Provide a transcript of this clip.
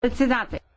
председател.